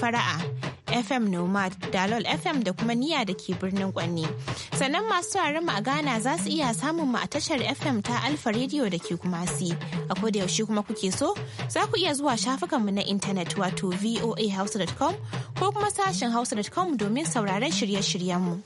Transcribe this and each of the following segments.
fara'a FM Nomad, Dalol FM da kuma Niya da ke birnin Kwanne. Sannan masu mu a Ghana za su iya samun mu a tashar FM ta Alfa Radio da ke Kumasi. A koda yaushe kuma kuke so, za ku iya zuwa shafukanmu na intanet wato voahouse.com ko kuma sashen hausa.com domin sauraron shirye-shiryenmu.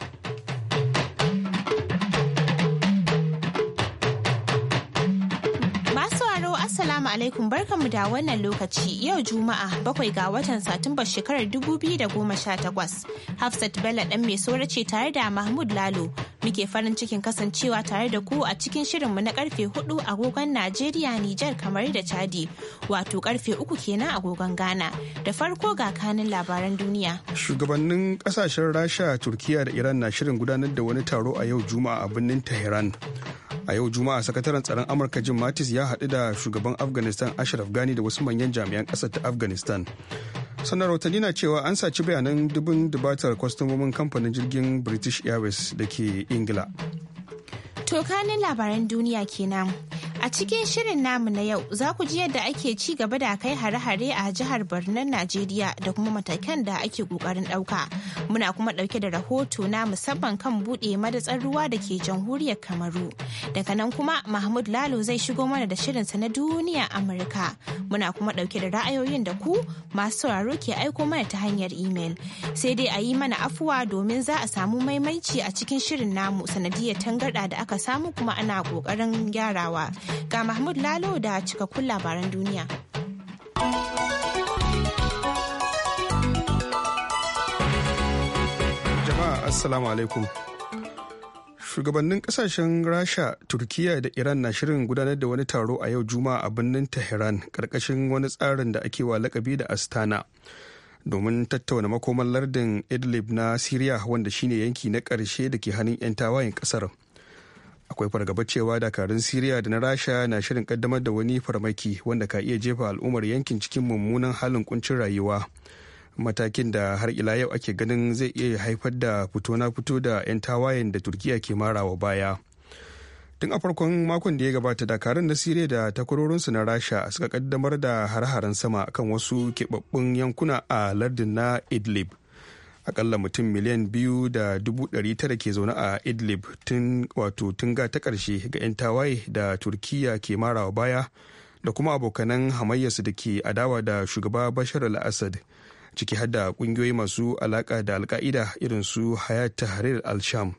Assalamu alaikum barkanmu da wannan lokaci yau Juma'a bakwai ga watan Satumba shekarar 2018. Hafsat Bello ɗan mai saura ce tare da Mahmud Lalo muke farin cikin kasancewa tare da ku a cikin shirinmu na karfe 4 agogon Najeriya Nijar kamar da Chadi wato karfe 3 kenan agogon Ghana. Da farko ga kanin labaran duniya. Shugabannin kasashen Rasha, Turkiya da Iran na shirin gudanar da wani taro a yau Juma'a a birnin Tehran. a yau juma'a sakataren tsaron amurka jim mattis ya haɗu da shugaban afghanistan ashraf ghani da wasu manyan jami'an ƙasar ta afghanistan sannan rahotanni na cewa an saci bayanan dubin dubatar kwastomomin kamfanin jirgin british airways da ke ingila To kanin labaran duniya kenan. A cikin shirin namu na yau za ku ji yadda ake ci gaba da kai hare-hare a jihar Barnan Najeriya da kuma matakan da ake kokarin ɗauka. Muna kuma ɗauke da rahoto na musamman kan buɗe madatsar ruwa da ke jamhuriyar Kamaru. Daga nan kuma Mahmud Lalo zai shigo mana da shirinsa na duniya Amurka. Muna kuma ɗauke da ra'ayoyin da ku masu sauraro ke aiko mana ta hanyar imel. Sai dai a yi mana afuwa domin za a samu maimaici a cikin shirin namu sanadiyar tangarɗa da aka samu kuma ana kokarin gyarawa ga mahmud lalo da cikakkun labaran duniya jama'a assalamu alaikum shugabannin kasashen rasha turkiya da iran na shirin gudanar da wani taro a yau juma'a a birnin tehran karkashin wani tsarin da ake wa lakabi da astana domin tattauna makomar lardin idlib na syria wanda shine yanki na karshe da ke hannun 'yan tawayen kasar akwai fargabar cewa dakarun siriya da na rasha na shirin kaddamar da wani farmaki wanda ka iya jefa al'ummar yankin cikin mummunan halin kuncin rayuwa matakin da har ila yau ake ganin zai iya haifar da fito na fito da 'yan tawayen da turkiya ke marawa baya tun a farkon makon da ya gabata dakarun na siriya da takwarorinsu na rasha suka kaddamar da har-haren sama kan wasu keɓaɓɓun yankuna a lardin na idlib akalla mutum miliyan biyu da dubu ɗari tara ke zaune a idlib tun wato tunga ta ƙarshe ga 'yan tawaye da turkiya ke marawa baya da kuma abokanan hamayyarsu da ke adawa da shugaba bashar al-assad ciki har da ƙungiyoyi masu alaƙa da alka'ida irin su hayat tahrir al-sham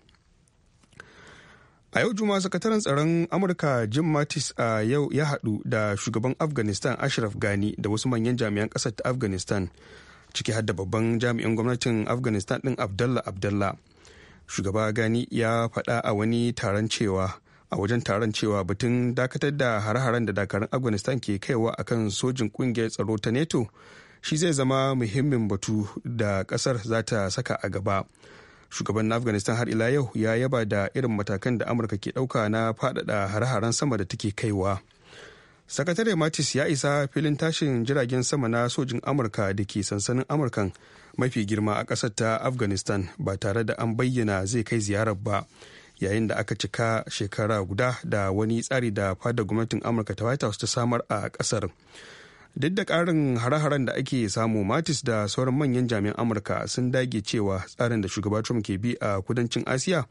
a yau juma sakataren tsaron amurka jim mattis a yau ya haɗu da shugaban afghanistan ashraf gani da wasu manyan jami'an ƙasar ta afghanistan ciki har da babban jami'in gwamnatin afghanistan din abdallah abdallah shugaba gani ya faɗa a wani taron cewa a wajen taron cewa batun dakatar da hare-haren da dakarun afghanistan ke kaiwa akan sojin ƙungiyar tsaro ta neto shi zai zama muhimmin batu da ƙasar za ta saka a gaba shugaban na afghanistan har ila yau ya yaba da irin matakan da amurka ke ɗauka na faɗaɗa hare-haren sama da take kaiwa. sakatare matis ya isa filin tashin jiragen sama na sojin amurka da ke sansanin amurkan mafi girma a ƙasar ta afghanistan ba tare da an bayyana zai kai ziyarar ba yayin da aka cika shekara guda da wani tsari da fadar gwamnatin amurka ta white house ta samar a ƙasar duk da ƙarin hare-haren da ake samu matis da sauran manyan jami'an amurka sun dage cewa tsarin da shugaba trump ke bi a kudancin asiya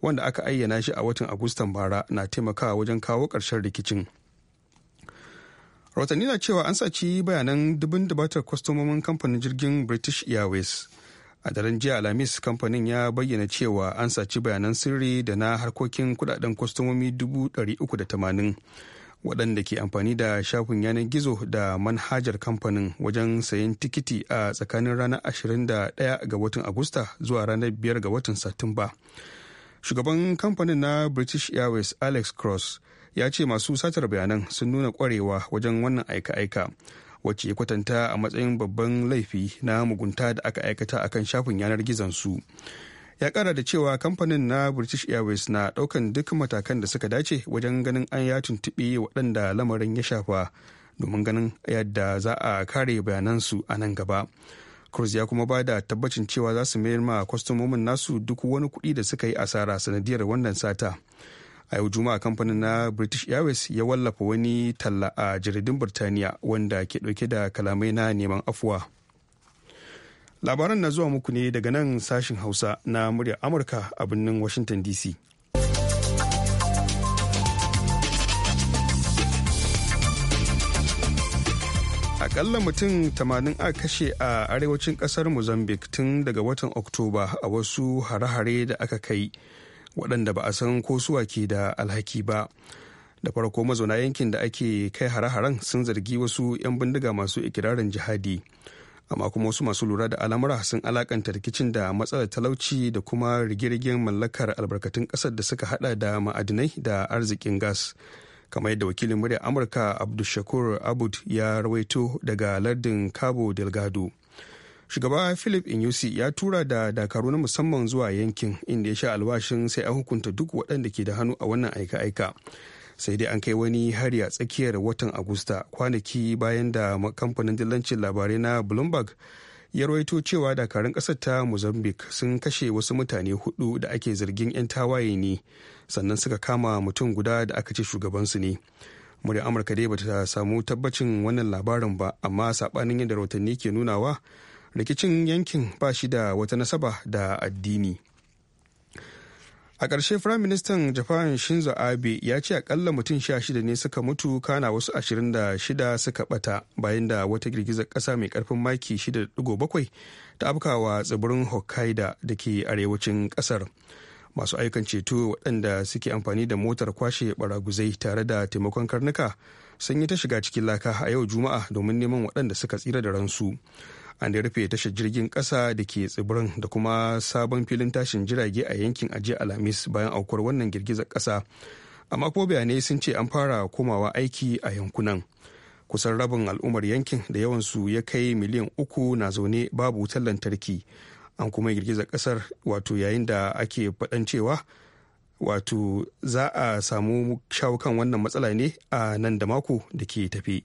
wanda aka ayyana shi a watan agustan bara na taimakawa wajen kawo ƙarshen rikicin rahotanni na cewa an saci bayanan dubin dubatar kwastomomin kamfanin jirgin british airways a daren jiya alhamis kamfanin ya bayyana cewa an saci bayanan sirri da na harkokin kudaden kwastomomi 380 waɗanda ke amfani da shafin yanar gizo da manhajar kamfanin wajen sayen tikiti a tsakanin ranar 21 ga watan agusta zuwa ranar 5 ga watan satumba shugaban kamfanin na british airways alex cross ya ce masu satar bayanan sun nuna kwarewa wajen wannan aika-aika wacce ya kwatanta a matsayin babban laifi na mugunta da aka aikata a kan shafin yanar gizonsu ya kara da cewa kamfanin na british airways na daukan duk matakan da suka dace wajen ganin an ya tuntuɓe waɗanda lamarin ya shafa domin ganin yadda za a kare bayanansu a nan gaba cruz ya kuma ba da tabbacin cewa za su mayar ma kwastomomin nasu duk wani kuɗi da suka yi asara sanadiyar wannan sata a yau juma'a kamfanin na british airways ya wallafa wani talla a jaridun birtaniya wanda ke dauke da kalamai na neman afuwa labaran na zuwa muku ne daga nan sashin hausa na muryar amurka a birnin washington dc akalla mutum 80 a kashe a arewacin kasar mozambique tun daga watan oktoba a wasu hare-hare da aka kai waɗanda ba a san ko suwa ke da alhaki ba da farko mazauna yankin da ake kai hare-haren sun zargi wasu 'yan bindiga masu ikirarin jihadi amma kuma wasu masu lura da al'amura sun alakanta rikicin da matsalar talauci da kuma rigirgin mallakar albarkatun ƙasar da suka hada da ma'adinai da arzikin gas kamar yadda wakilin murya amurka abdulshakur abud ya rawaito daga lardin cabo delgado shugaba philip inyusi ya tura da dakaru na musamman zuwa yankin inda ya sha albashin sai an hukunta duk waɗanda ke da hannu a wannan aika-aika sai dai an kai wani hari a tsakiyar watan agusta kwanaki bayan da kamfanin dillancin labarai na bloomberg ya rawaito cewa dakarun ƙasar ta mozambique sun kashe wasu mutane hudu da ake zargin 'yan tawaye ne sannan suka kama mutum guda da aka ce shugabansu ne muryar amurka dai bata samu tabbacin wannan labarin ba amma saɓanin yadda rahotanni ke nunawa rikicin yankin ba shi da wata nasaba da addini a ƙarshe firaministan japan shinzo abe ya ce akalla mutum sha shida ne suka mutu kana wasu ashirin da shida suka bata bayan da wata girgizar ƙasa mai ƙarfin maki 6.7 ta afkawa tsibirin hokkaido da ke arewacin ƙasar masu aikan ceto waɗanda suke amfani da motar kwashe baraguzai tare da taimakon karnuka sun yi ta shiga cikin laka a yau juma'a domin neman waɗanda suka tsira da ransu an da rufe tashar jirgin kasa da ke tsibirin da kuma sabon filin tashin jirage a yankin ajiya alhamis bayan aukuwar wannan girgizar kasa amma ko bayanai sun ce an fara komawa aiki a yankunan kusan rabin al'ummar yankin da yawansu ya kai miliyan uku na zaune babu wutar lantarki an kuma girgizar kasar wato yayin da ake faɗan cewa wato za a samu shawo kan wannan matsala ne a nan da mako da ke tafi.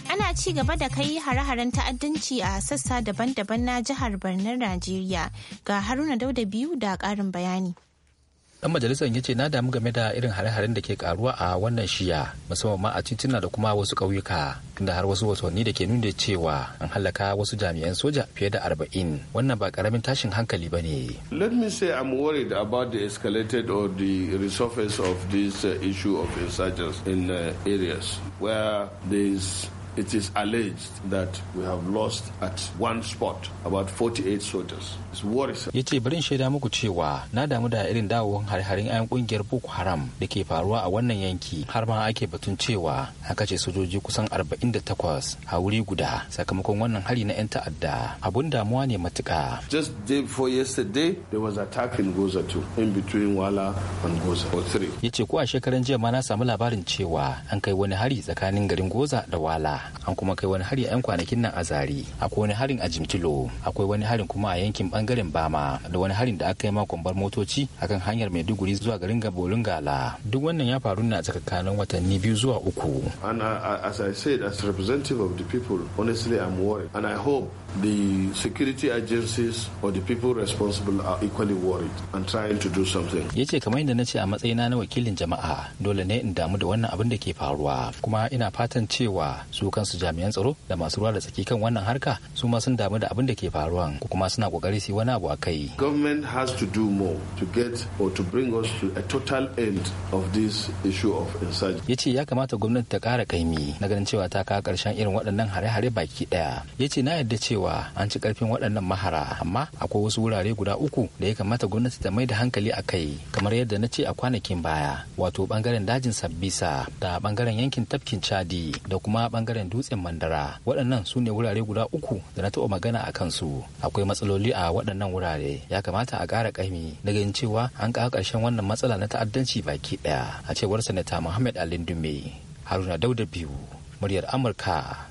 ana ci gaba da kai hare-haren ta'addanci a sassa daban-daban na jihar Barnar Najeriya ga Haruna Dauda biyu da ƙarin bayani. Dan majalisar ya ce na damu game da irin hare-haren da ke karuwa a wannan shiya musamman ma a tituna da kuma wasu kauyuka tunda har wasu wasanni da ke nuna cewa an halaka wasu jami'an soja fiye da arba'in wannan ba karamin tashin hankali ba ne. Let me say I'm worried about the escalated or the resurface of this uh, issue of insurgents in uh, areas where there is It is alleged that we have lost at one spot about 48 soldiers. It's worrisome. Ya ce barin shaida muku cewa na damu da irin dawowar har-harin 'yan kungiyar Boko Haram da ke faruwa a wannan yanki har ma ake batun cewa haka ce sojoji kusan 48 a wuri guda sakamakon wannan hari na 'yan ta'adda. Abun damuwa ne matuka. Just day before yesterday there was attack in Goza too in between Wala and Goza or three. Ya ce ko a shekaran jiya ma na samu labarin cewa an kai wani hari tsakanin garin Goza da Wala. an kuma kai wani hari a 'yan kwanakin nan a zari akwai wani harin a jimtilo akwai wani harin kuma a yankin bangaren bama da wani harin da aka yi makon bar motoci akan hanyar maiduguri zuwa garin gabolin gala duk wannan ya faru na a tsakanin watanni biyu zuwa uku and uh, as i said as representative of the people honestly i'm worried and i hope the security agencies or the people responsible are equally worried and trying to do something. Ya ce kamar yadda na ce a matsayina na wakilin jama'a dole ne in damu da wannan abin da ke faruwa kuma ina fatan cewa su kansu jami'an tsaro da masu ruwa da tsaki kan wannan harka su ma sun damu da abin da ke faruwa kuma suna kokari su wani abu a kai. Government has to do more to get or to bring us to a total end of this issue of insurgency. Ya ce ya kamata gwamnati ta kara kaimi na ganin cewa ta kawo karshen irin waɗannan hare-hare baki ɗaya. Ya ce na yarda cewa cewa an ci karfin waɗannan mahara amma akwai wasu wurare guda uku da ya kamata gwamnati ta mai da hankali a kai kamar yadda na ce a kwanakin baya wato bangaren dajin sabbisa da bangaren yankin tafkin chadi da kuma bangaren dutsen mandara waɗannan su ne wurare guda uku da na taɓa magana a kansu akwai matsaloli a waɗannan wurare ya kamata a ƙara ƙaimi daga cewa an ƙawo ƙarshen wannan matsala na ta'addanci baki ɗaya a cewar sanata muhammad alin dume haruna dauda biyu muryar amurka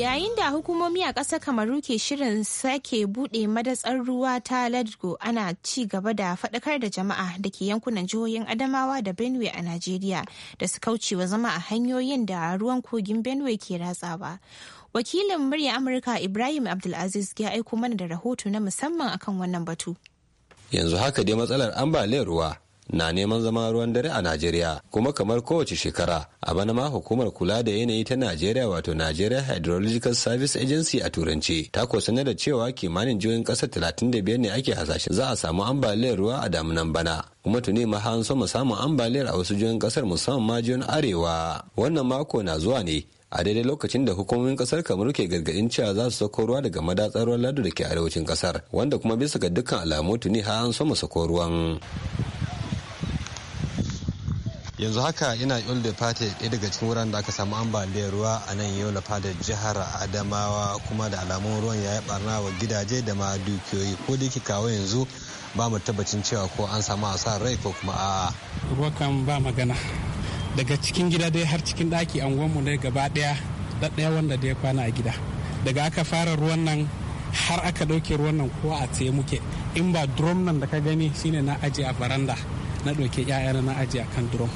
Yayin da hukumomi a ƙasa Kamaru ke shirin sake buɗe madatsar ruwa ta Ladgo ana ci gaba da faɗakar da jama'a da ke yankunan jihohin Adamawa da Benue a Najeriya da su kaucewa zama a hanyoyin da ruwan kogin Benue ke ratsawa. Wakilin murya Amurka Ibrahim Abdulaziz ya aiko mana da rahoto na musamman akan wannan batu. Yanzu haka dai matsalar ambaliyar ruwa na neman zama ruwan dare a Najeriya kuma kamar kowace shekara a bana ma hukumar kula da yanayi ta Najeriya wato Nigeria Hydrological Service Agency a turanci ta ko sanar da cewa kimanin jihohin ƙasar 35 ne ake hasashe za a samu ambaliyar ruwa a damunan bana kuma tuni ma an so samun ambaliyar a wasu jihohin kasar musamman ma jihohin arewa wannan mako na zuwa ne a daidai lokacin da hukumomin kasar kamar ke gargadin cewa za su sako ruwa daga madatsar ruwan lado da ke arewacin kasar wanda kuma bisa ga dukkan alamu tuni har an soma sako ruwan yanzu haka ina ulde fata ɗaya daga cikin wuraren da aka samu ambaliyar ruwa a nan na fata jihar adamawa kuma da alamun ruwan ya yi barna wa gidaje da ma dukiyoyi ko da yake kawo yanzu ba mu tabbacin cewa ko an samu asar rai ko kuma a. ruwa kan ba magana daga cikin gida dai har cikin daki ɗaki anguwanmu ne gaba ɗaya daya wanda da ya kwana a gida daga aka fara ruwan nan har aka ɗauke ruwan nan ko a tsaye muke in ba drum nan da ka gani shine na aje a baranda na ɗauke 'ya'yana na aje a kan drum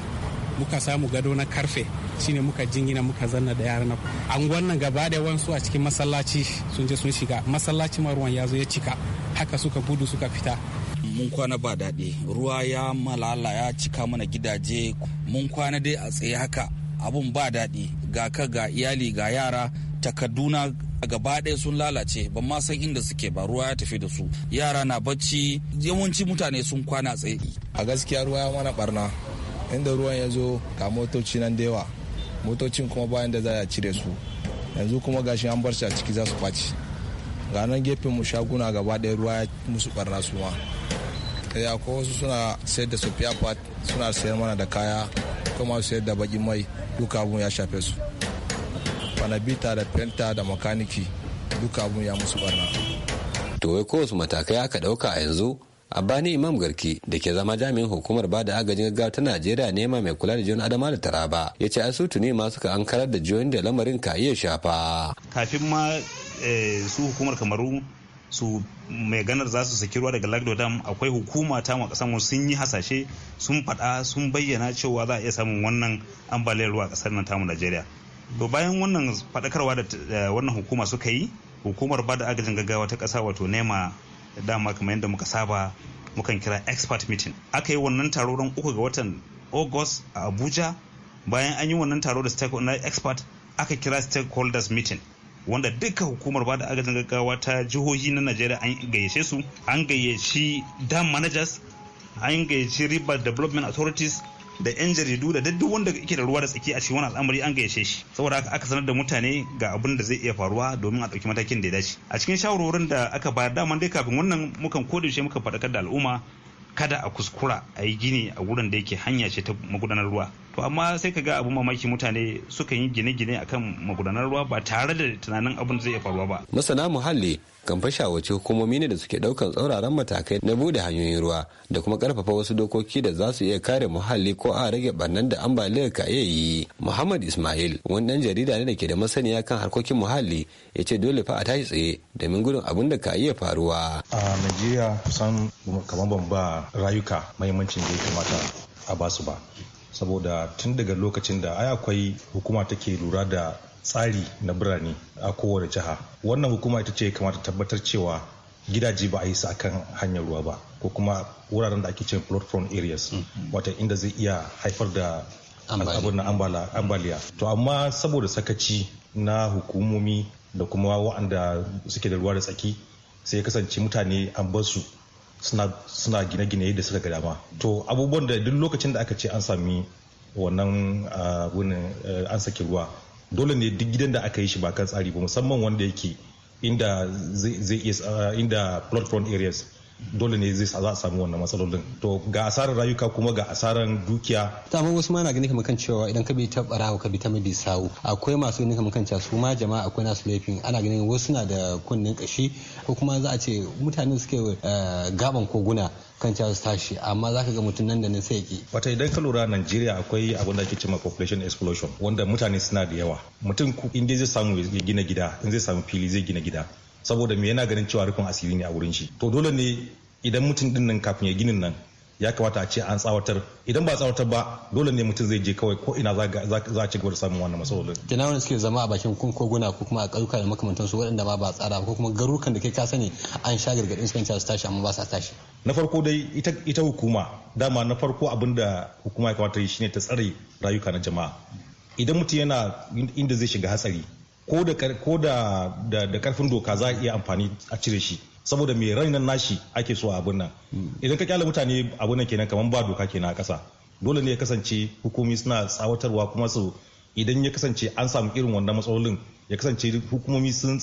muka samu gado na karfe shine muka jingina muka zanna da yaran An wannan gaba da wansu a cikin masallaci sun je sun shiga masallaci ma ruwan ya zo ya cika haka suka gudu suka fita mun kwana ba daɗi ruwa ya malala ya cika mana gidaje mun kwana dai a tsaye haka abun ba daɗi ga ka ga iyali ga yara takarduna gaba ɗaya sun lalace bamma ma san inda suke ba ruwa ya tafi da su yara na bacci yawanci mutane sun kwana tsaye a gaskiya ruwa ya mana barna inda ruwan ya zo ga motoci nan da yawa motocin kuma bayan da za a cire su yanzu kuma gashin an bar a ciki za su ɓaci ga gefen mu shaguna gaba ɗaya ruwa ya musu barna su ma ya eh, ko wasu suna sayar da sofiya part suna sayar mana da kaya kuma sayar da bakin mai duka abun ya shafe su fanabita da penta da makaniki duka abun ya musu barna to wai wasu matakai aka ɗauka a yanzu Abani Imam Garki da ke zama jami'in hukumar bada agajin gaggawa ta Najeriya nema mai kula da jiyon Adama da Taraba ya ce asutu ne ma suka ankarar da jiyoyin da lamarin ka iya shafa. Kafin ma eh, su hukumar Kamaru su mai ganar za su saki ruwa daga lagdo dam akwai hukuma ta mu kasan sun yi hasashe sun faɗa sun bayyana cewa za a iya samun wannan ambaliyar ruwa a kasar nan tamu Najeriya. To bayan wannan faɗakarwa da eh, wannan hukuma suka yi hukumar bada agajin gaggawa ta ƙasa wato nema Da dama kamar yadda muka saba mukan kira expert meeting aka yi wannan taro ran uku ga watan august a abuja bayan an yi wannan taro da stakeholder expert aka kira stakeholders meeting wanda duka hukumar ba da agajin gaggawa ta jihohi na najeriya an gayyace su an gayyaci dam managers an gayyaci river development authorities da yan jaridu da duk wanda yake da ruwa da tsaki a cikin wani al'amari an gayyace shi saboda haka aka sanar da mutane ga abin da zai iya faruwa domin a ɗauki matakin da ya dace a cikin shawarwarin da aka bayar daman dai kafin wannan mukan kodayaushe muka faɗakar da al'umma kada a kuskura a yi gini a wurin da yake hanya ce ta magudanar ruwa to amma sai ka ga abu mamaki mutane sukan yi gine-gine akan magudanar ruwa ba tare da tunanin abin zai faruwa ba masana muhalli kan fashawace hukumomi ne da suke daukan tsauraran matakai na bude hanyoyin ruwa da kuma karfafa wasu dokoki da za su iya kare muhalli ko a rage barnan da ambaliyar ka iya yi muhammad ismail wani dan jarida ne da ke da masaniya kan harkokin muhalli ya ce dole fa a tashi tsaye domin gudun abun da ka iya faruwa a najeriya kusan kamar ban ba rayuka mahimmancin da ya kamata a basu ba saboda tun daga lokacin da ai akwai hukuma take lura da tsari na birane a kowane jiha wannan hukuma ita ce kamata tabbatar cewa gidaje ba a yi su akan hanyar ruwa ba ko kuma wuraren da ake ce flood prone areas mm-hmm. wata inda zai iya haifar da abin ambaliya to amma saboda sakaci na hukumomi da kuma wa'anda suke da ruwa da tsaki sai kasance mutane an basu. suna gine-gine da suka ga dama to abubuwan da duk lokacin da aka ce an sami wannan ah, wani eh, an saki ruwa dole ne duk gidan da aka yi shi ba kan tsari ba musamman wanda yake inda zai ah, inda flood prone areas dole ne zai za a samu wannan matsalolin to ga asarar rayuka kuma ga asarar dukiya ta wasu mana gani kamar kan cewa idan ka bi ta barawo ka bi ta mabi sawu akwai masu kamar kan cewa su ma jama'a akwai nasu laifin ana ganin wasu na da kunnen kashi ko kuma za a ce mutanen suke eh, gaban koguna kan cewa su tashi amma za ka ga mutum nan da nan sai ki wata idan ka lura Najeriya akwai abin da ake cewa population explosion wanda mutane suna da yawa mutum in dai zai samu gina gida in zai samu fili zai gina gida saboda me yana ganin cewa rufin asiri ne a wurin shi to dole ne idan mutum din nan kafin ya ginin nan ya kamata a ce an tsawatar idan ba tsawatar ba dole ne mutum zai je kawai ko ina za a ci gaba da samun wannan matsalolin kina wani suke zama a bakin kun koguna ko kuma a ƙauyuka da makamantan su waɗanda ma ba tsara ko kuma garurukan da kai ka sani an sha gargaɗin su kan su tashi amma ba sa tashi na farko dai ita hukuma dama na farko abin da hukuma ya kamata yi shine ta tsare rayuka na jama'a idan mutum yana inda zai shiga hatsari ko da da da karfin doka za a iya amfani a cire shi saboda mai rainan nashi ake so a abin nan idan ka kyale mutane abin nan kenan kamar ba doka kenan a kasa dole ne ya kasance hukumi suna tsawatarwa kuma su idan ya kasance an samu irin wannan matsalolin ya kasance hukumomi sun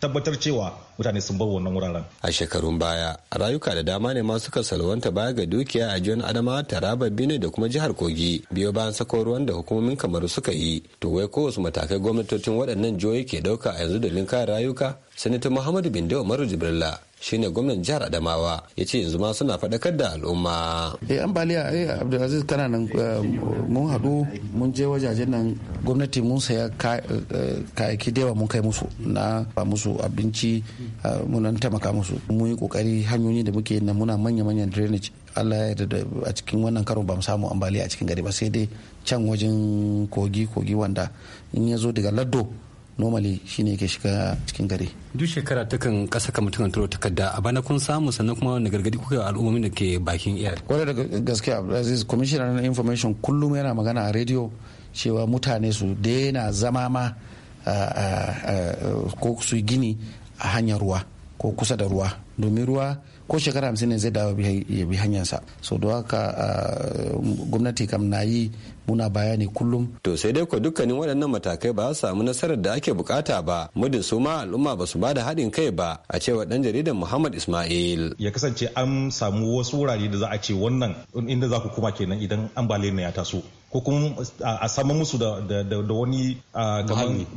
tabbatar cewa mutane sun bar wannan wuraren. A shekarun baya, rayuka da dama ne ma suka salwanta baya ga dukiya a jiyon Adama, Taraba, Bine da kuma jihar Kogi, biyo bayan sako ruwan da hukumomin Kamaru suka yi. To wai ko wasu matakai gwamnatocin waɗannan jihohi ke ɗauka a yanzu da linka rayuka? Sanata Muhammadu Bindo Umaru jibrila shine gwamnan jihar adamawa ya ce yanzu ma suna faɗakar da al'umma eh ambaliya eh abdulaziz kana nan eh, mun haɗu mun je wajajen nan gwamnati mun saya kayaki eh, da yawa mun kai musu na ba musu abinci eh, munan taimaka musu mun yi kokari hanyoyi da muke yin muna manya-manyan drainage allah ya yarda a cikin wannan karon ba mu samu ambaliya a cikin gari ba sai dai can wajen kogi kogi wanda in ya zo daga laddo normally shine ke shiga cikin gari duk shekara takan kasa ka mutum turo takarda a bana kun samu sannan kuma wani gargadi kuka al'ummomin da ke bakin iyali. wani da gaskiya abdulaziz commissioner na information kullum yana magana a radio cewa mutane su daina zama ma ko su gini a hanyar ruwa ko kusa da ruwa domin ruwa ko shekara hamsin ne zai dawo ya bi hanyarsa so don haka gwamnati kam na yi muna bayani kullum. To sai dai ko dukkanin waɗannan matakai ba su samu nasarar da ake bukata ba muddin su ma al'umma ba su bada haɗin kai ba a cewa ɗan jaridan Muhammad Ismail. Ya kasance an samu wasu wurare da za a ce wannan inda za ku kuma kenan idan ambaliyar ya taso. ko kuma a samu musu da wani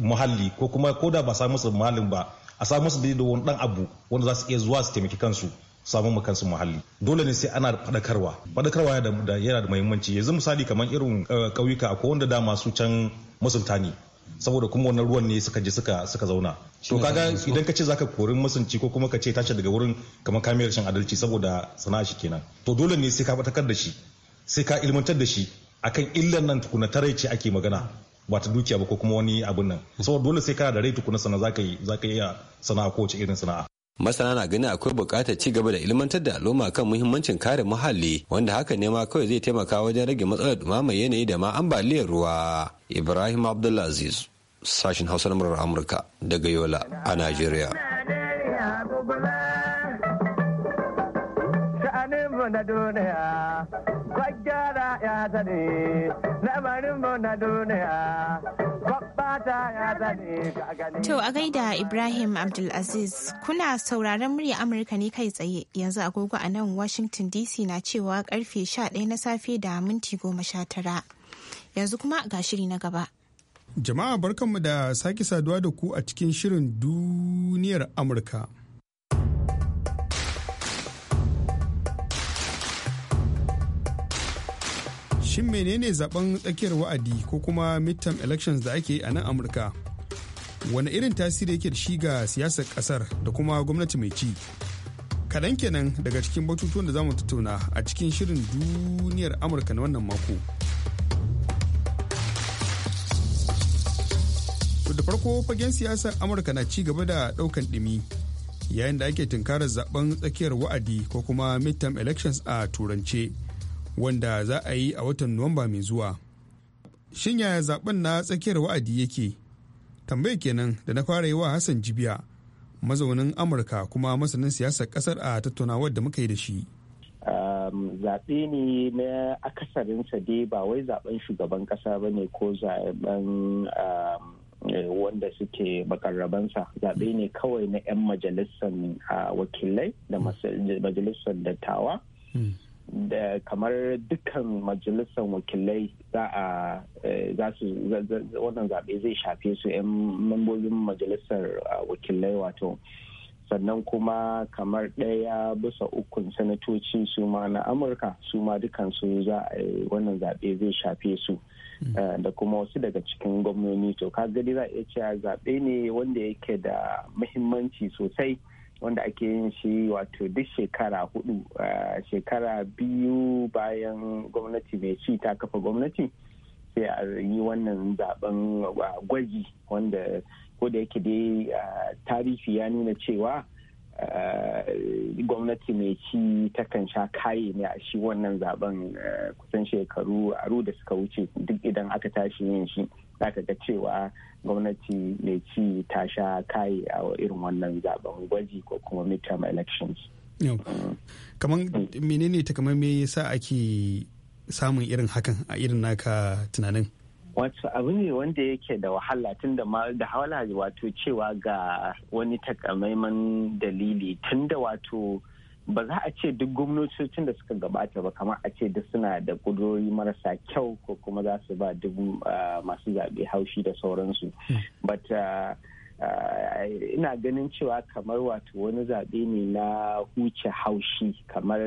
muhalli ko kuma ko da ba samu musu muhallin ba a samu musu da wani dan abu wanda za su iya zuwa su taimaki kansu samun mu muhalli dole ne sai ana fadakarwa fadakarwa yana da muhimmanci yanzu misali kamar irin kauyuka eh, ko wanda dama su can masunta ne saboda kuma wannan ruwan ne suka je suka suka zauna to kaga idan ka ce zaka kori masunci ko kuma ka ce tashi daga wurin kamar kamiyar shin adalci saboda sana'a shi kenan to dole ne sai ka fadakar da shi sai ka ilmantar da shi akan illan nan tukuna tare ce ake magana ba ta dukiya ba ko kuma wani abun nan saboda dole sai ka da rai tukuna sana'a zaka yi zaka iya sana'a ko wace irin sana'a masana na ganin akwai bukatar ci gaba da ilmantar da al'umma kan muhimmancin kare muhalli wanda haka ne ma kawai zai taimaka wajen rage matsalar dumamar yanayi da ma ambaliyar ruwa ibrahim abdulaziz sashen hausa na murar amurka daga yola a najeriya na duniya. To a gaida Ibrahim Abdulaziz kuna sauraron murya Amurka ne kai tsaye yanzu agogo a nan Washington DC na cewa karfe 11 na safe da minti 19. Yanzu kuma ga shiri na gaba. Jama'a barkanmu da sake saduwa da ku a cikin shirin duniyar Amurka. shin menene zaben tsakiyar wa'adi ko kuma midterm elections da ake a nan amurka wani irin tasiri yake da shi ga siyasar kasar da kuma gwamnati mai ci kaɗan kenan daga cikin batutuwan da zamu tattauna a cikin shirin duniyar amurka na wannan mako to da farko fagen siyasar amurka na ci gaba da ɗaukan ɗimi yayin da ake tunkarar zaben tsakiyar wa'adi ko kuma midterm elections a turance wanda za a yi a watan nuwamba mai zuwa shin yaya zaben na tsakiyar wa'adi yake tambaya kenan da na fara yi wa hassan jibiya mazaunin amurka kuma masanin siyasar kasar a tattaunawar da muka yi da shi um, zaɓe ne na akasarinsa dai ba wai zaben shugaban ƙasa ba ne ko zaben um, wanda suke makarrabansa zaɓe ne kawai na 'yan majalisar uh, wakilai da majalisar dattawa hmm. da kamar dukkan majalisar wakilai za a eh, za su wannan zaɓe zai shafe su 'yan mambobin majalisar wakilai wato sannan kuma kamar ɗaya bisa ukun sanatoci su ma na amurka su ma su za a wannan zaɓe zai shafe su hmm. eh, da kuma wasu daga cikin gwamnoni to ka gani za a iya cewa zaɓe ne wanda yake da muhimmanci sosai. wanda ake yin shi wato duk shekara hudu eh, shekara biyu bayan gwamnati mai ci ta kafa gwamnati sai a yi wannan zaben eh, gwaji wanda ko yake dai eh, tarihi ya nuna cewa gwamnati mai ci takan sha kaye ne a shi wannan zaben kusan shekaru aru da suka wuce duk idan aka tashi yin shi zaka ga cewa gwamnati mai ci ta sha kai a irin wannan zaben gwaji ko kuma midterm elections kamar mm. menene ta kamar me yasa ake samun irin hakan a irin naka tunanin wato abu ne wanda yake da wahala tun da da wahala wato cewa ga wani takamaiman dalili tun da wato ba za a ce duk gwamnatocin da suka gabata ba kamar a ce duk suna da kudurori marasa kyau ko kuma za su ba duk masu zaɓe haushi da sauransu hmm. but ina ganin cewa kamar wato wani zaɓe ne na huce haushi kamar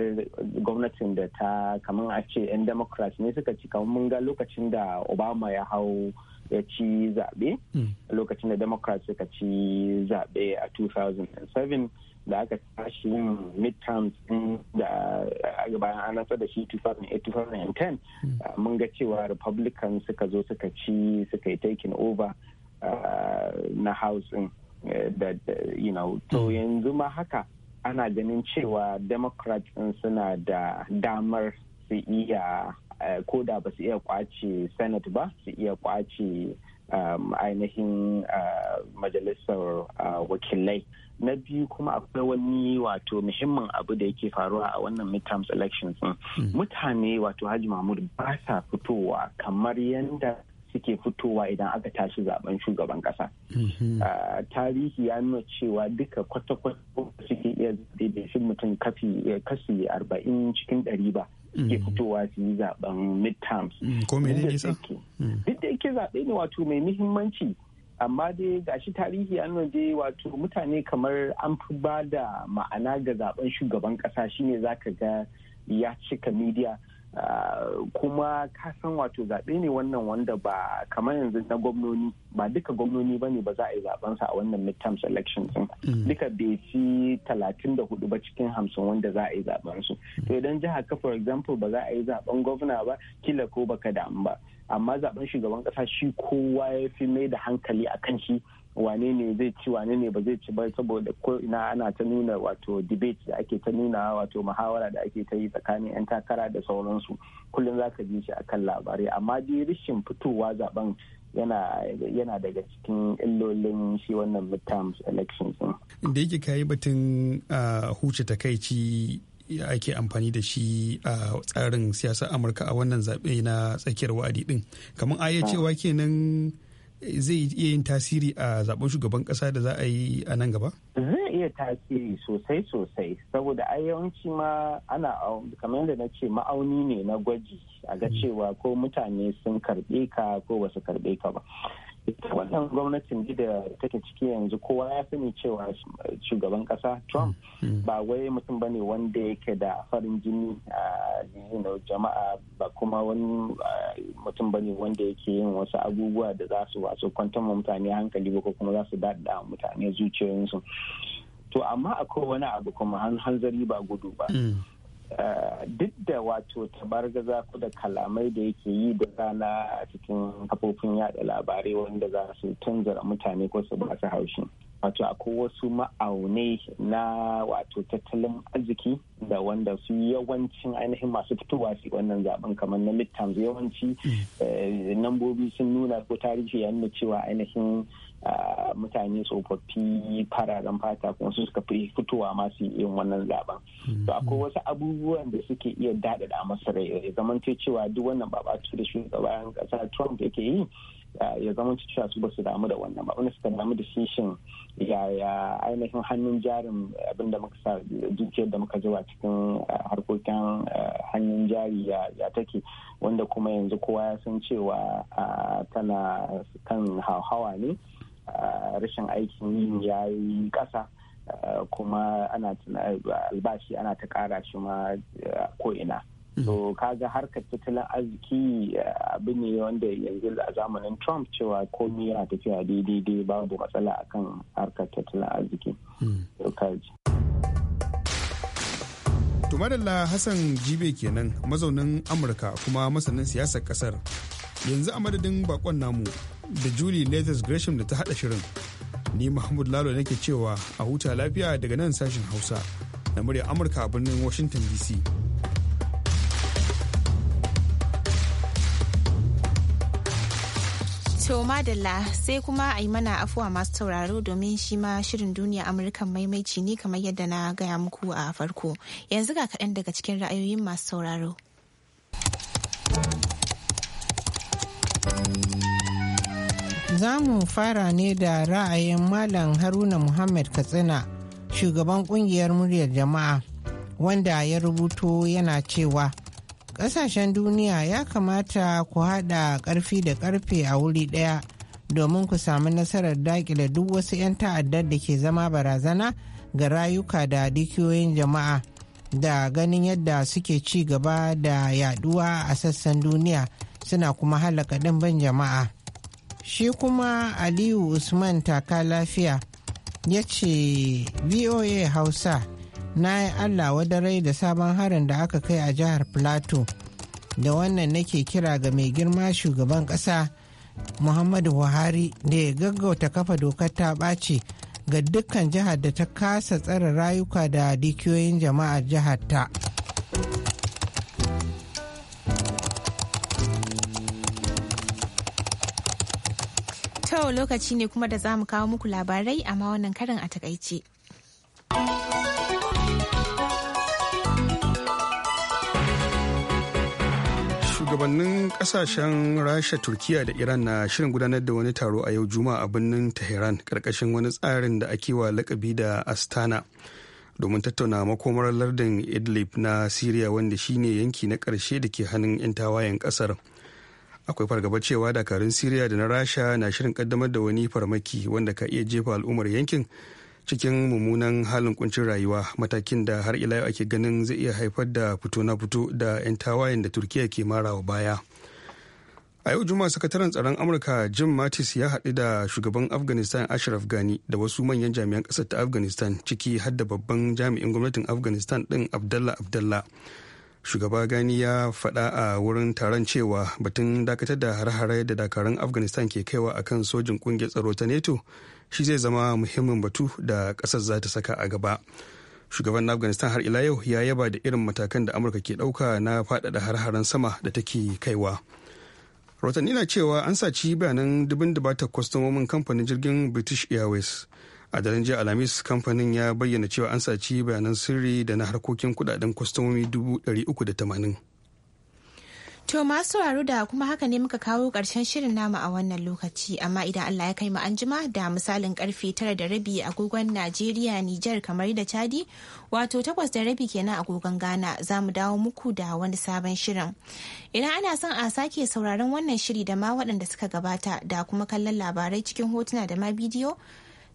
gwamnatin da ta kamar a ce 'yan democrats ne suka ci kamar mun ga lokacin da obama ya hau ya ci zaɓe hmm. lokacin da democrats suka ci zaɓe a 2007 da aka tashi yin midterms din da bayan an rantsar da shi 2010 hmm. mun ga cewa republican suka zo suka ci suka yi taking over uh, na house din eh, da you know to hmm. yanzu ma haka ana ganin cewa democrats suna da damar su iya eh, ko da ba su iya kwace senate ba su iya kwace um, ainihin uh, majalisar uh, wakilai na biyu kuma akwai wani wato muhimmin abu da yake faruwa a wannan midterms elections hmm. mutane wato haji mahmud ba sa fitowa kamar yadda suke fitowa idan aka tashi zaben shugaban kasa hmm. ah, tarihi ya nuna cewa duka kwata-kwata suke iya shi mutum eh, kashi arba'in cikin ɗari ba ke hmm. fitowa su yi zaben midterms ko menene nisa duk da yake zaɓe ne wato mai muhimmanci amma dai gashi tarihi an nuna dai wato mutane kamar an fi ba da ma'ana ga zaben shugaban kasa shine zaka ga ya cika media Ah, kuma ka san wato zaɓe ne wannan wanda ba kamar yanzu na gwamnoni ba duka gwamnoni ba ne ba za a yi sa a wannan midterm selection din mm. duka bai ci talatin da hudu ba cikin hamsin wanda za a yi zaɓensu to idan jiha ka for example ba za a yi zaɓen gwamna ba kila ko baka damu ba amma zaɓen shugaban ƙasa shi kowa ya fi mai da hankali a kan shi wane ne zai ci wane ne ba zai ci ba saboda ko ina ana ta nuna wato debate da ake ta nuna wato muhawara da ake ta yi tsakanin 'yan takara da sauransu kullum za ka ji shi akan labarai amma dai rishin fitowa zaben yana daga cikin illolin shi wannan midterms elections din da yake kayi batun huce takaici ake amfani da shi a tsarin siyasar amurka a wannan zaɓe na tsakiyar wa'adi din kamar aya kenan zai iya yin tasiri a zaɓen shugaban kasa da za a yi a nan gaba? Zai iya tasiri sosai sosai saboda a yawanci ma ana kamar yadda na ce ma'auni ne na gwaji a ga mm-hmm. cewa ko mutane sun karbe ka ko wasu karbe ka ba. wannan gwamnatin da take ciki yanzu kowa ya sani cewa shugaban kasa trump mm, mm. ba wai mutum ba ne wanda yake da farin jini a ah, jama'a ba kuma wani ah, mutum ba ne wanda yake yin wasu abubuwa da za su wasu kwantar mutane hankali ko kuma za su daɗa mutane zuciyoyinsu to amma akwai wani abu kuma hanzari ba gudu ba mm. Eh, duk da wato tabargaza ku da kalamai da yake yi da rana a cikin kafofin yada labarai wanda za su tunzura mutane ko su ba su haushi wato akwai wasu ma'aunai na wato tattalin arziki da wanda su yawancin ainihin masu fitowa su wannan zaben kamar na midterms yawanci mm. eh, nambobi sun nuna ko tarihi ya nuna cewa ainihin mutane tsofaffi fararen fata kuma su suka fi fitowa masu yin wannan zaben mm-hmm. to akwai wasu abubuwan da suke iya da masu rai ya zama cewa duk wannan ba da shugaban ƙasa trump yake yi ya zama cewa su ba su damu da wannan ba wani suka damu da shishin yaya ainihin hannun jarin abinda muka sa dukiyar da muka zuba cikin harkokin hannun jari ya take wanda kuma yanzu kowa ya san cewa tana kan hawa ne Ah, rashin aikin yi ya yi ƙasa ah, kuma ana albashi ana ta ƙara shi ma ah, ko'ina hmm. so kaga harkar tattalin arziki abu ne wanda yanzu a zamanin trump cewa komi yana tafiya daidai babu matsala akan harkar tattalin arziki hmm. tumadalla hassan jibe kenan mazaunin amurka kuma masanin siyasar kasar yanzu a madadin bakon namu da julie latest gresham da ta hada shirin ni mahmud lalo nake cewa a huta lafiya daga nan sashen hausa na murya amurka a birnin washington dc To madalla sai kuma a yi mana afuwa masu tauraro domin shi ma shirin duniya Amurka maimaici ne kamar yadda na gaya muku a farko. Yanzu ga kaɗan daga cikin ra'ayoyin masu sauraro. Za mu fara ne da ra'ayin Malam Haruna Muhammad Katsina, shugaban kungiyar muryar jama'a, wanda ya rubuto yana cewa, Ƙasashen duniya ya kamata ku haɗa ƙarfi da ƙarfe a wuri ɗaya domin ku sami nasarar daƙile duk wasu 'yan ta'addar da ke zama barazana ga rayuka da dukiyoyin jama'a da ganin yadda suke ci gaba da yaduwa a sassan duniya. suna kuma halaka ɗimbin jama'a shi kuma aliyu usman taka lafiya ya ce voa hausa na yi allah wadarai da sabon harin da aka kai a jihar plateau da wannan nake kira ga mai girma shugaban kasa muhammadu buhari da ya gaggauta kafa dokar ta ɓace ga dukkan jihar da ta kasa tsara rayuka da dukiyoyin jama'ar jihar ta. To lokaci ne kuma da za mu kawo muku labarai amma wannan karin a takaice. shugabannin kasashen rasha turkiya da iran na shirin gudanar da wani taro a yau juma'a a birnin tehran karkashin wani tsarin da ake wa lakabi da astana domin tattauna makomar lardin idlib na syria wanda shine yanki na karshe da ke hannun 'yan tawayen kasar akwai fargabar cewa dakarun siriya da na rasha na shirin kaddamar da wani farmaki wanda ka iya jefa al'ummar yankin cikin mummunan halin kuncin rayuwa matakin da har ila yau ake ganin zai iya haifar da fito na fito da 'yan tawayen da turkiya ke mara wa baya a yau juma'a sakataren tsaron amurka jim mattis ya haɗu da shugaban afghanistan ashraf ghani da wasu manyan jami'an ƙasar ta afghanistan ciki har da babban jami'in gwamnatin afghanistan ɗin abdallah abdallah shugaba gani ya faɗa a wurin taron cewa batun dakatar da har-hare da dakarun afghanistan ke kaiwa a kan sojin kungiyar tsaro ta neto shi zai zama muhimmin batu da ƙasar za ta saka a gaba shugaban afghanistan har ila yau ya yaba da irin matakan da amurka ke ɗauka na faɗaɗa har-haren sama da take kaiwa Ratani na cewa an saci bayanan dubin ta kwastomomin kamfanin jirgin british airways a daren jiya alhamis kamfanin ya bayyana cewa an saci bayanan sirri da na harkokin kudaden kwastomomi 380 To masu sauraro da kuma haka ne muka kawo ƙarshen shirin namu a wannan lokaci amma idan Allah ya kai mu an da misalin karfe tara da rabi agogon Najeriya Nijar kamar da Chadi wato takwas da rabi kenan agogon Ghana za mu dawo muku da wani sabon shirin. Idan ana son a sake sauraron wannan shiri da ma waɗanda suka gabata da kuma kallon labarai cikin hotuna da ma bidiyo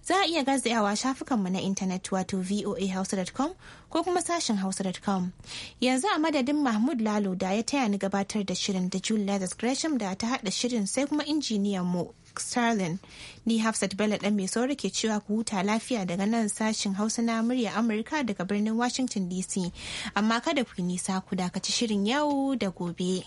za a iya shafukan shafukanmu na intanet wato voahausa.com ko kuma sashen hausa.com. Yanzu a madadin Mahmud Lalo da ya taya ni gabatar da shirin da Julia Gresham da ta haɗa shirin sai kuma injiniyan mu Sterling. Ni Hafsat Bello ɗan mai sauri ke cewa ku huta lafiya daga nan sashen Hausa na murya Amurka daga birnin Washington DC. Amma kada ku nisa ku dakaci shirin yau da gobe.